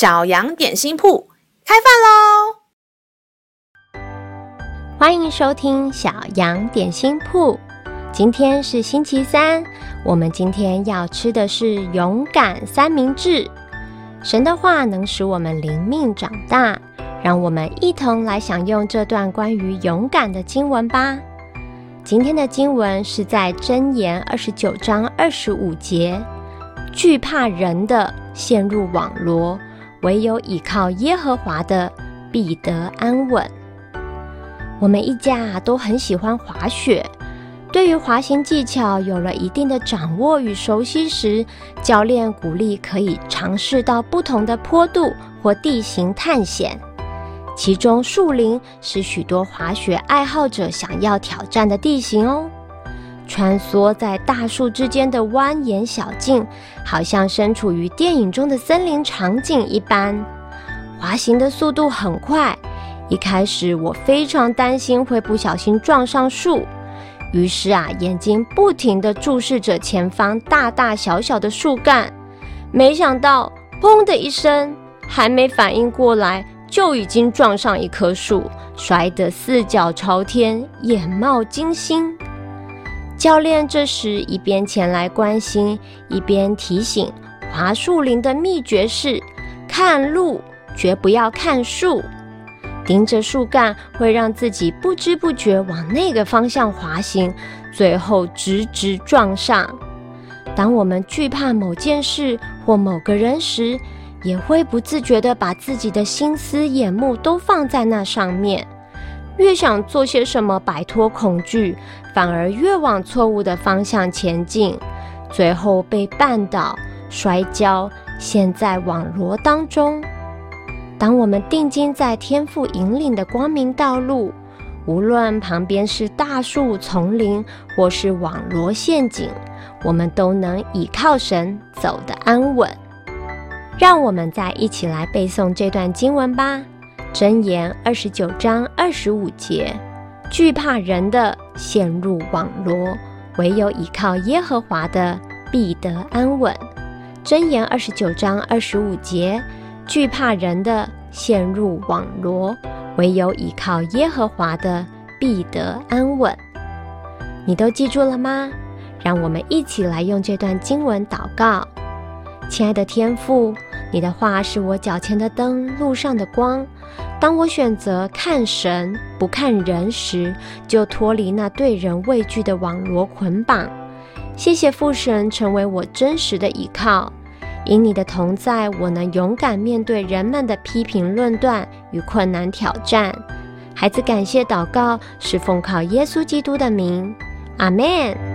小羊點心鋪開飯嘍！歡迎收聽小羊點心鋪。今天是星期三，我們今天要吃的是勇敢三明治。神的話能使我們靈命長大，讓我們一同來享用這段關於勇敢的經文吧。今天的經文是在箴言二十九章二十五節：“懼怕人的陷入網羅唯有倚靠耶和華的，必得安穩。我們一家都很喜歡滑雪，對於滑行技巧有了一定的掌握與熟悉時，教練鼓勵可以嘗試到不同的坡度或地形探險。其中，樹林是許多滑雪愛好者想要挑戰的地形哦。穿梭在大樹之間的蜿蜒小徑，好像身處於電影中的森林場景一般。滑行的速度很快，一開始我非常擔心會不小心撞上樹，於是啊，眼睛不停地注視着前方大大小小的樹幹。沒想到，砰的一聲，還沒反應過來，就已經撞上一棵樹，摔得四腳朝天，眼冒金星。教練這時一邊前來關心，一邊提醒：“滑樹林的秘訣是看路，絕不要看樹。盯着樹幹會讓自己不知不覺往那個方向滑行，最後直直撞上。”當我們懼怕某件事或某個人時，也會不自覺地把自己的心思、眼目都放在那上面。越想做些什麼擺脫恐懼，反而越往錯誤的方向前進，最後被絆倒、摔跤，陷在網羅當中。當我們定睛在天父引領的光明道路，無論旁邊是大樹、叢林，或是網羅陷阱，我們都能倚靠神，走得安穩。讓我們再一起來背誦這段經文吧。箴言二十九章二十五節：懼怕人的陷入網羅，唯有倚靠耶和華的必得安穩。箴言二十九章二十五節：懼怕人的陷入網羅，唯有倚靠耶和華的必得安穩。你都記住了嗎？讓我們一起來用這段經文禱告。親愛的天父。你的話是我腳前的燈，路上的光。當我選擇看神不看人時，就脫離那對人畏懼的網羅捆綁。謝謝父神成為我真實的依靠，因你的同在，我能勇敢面對人們的批評論斷與困難挑戰。孩子感謝禱告是奉靠耶穌基督的名，阿門。